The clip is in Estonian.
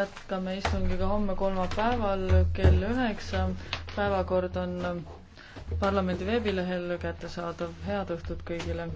jätkame istungiga homme kolmapäeval kell üheksa. päevakord on parlamendi veebilehel kättesaadav. head õhtut kõigile!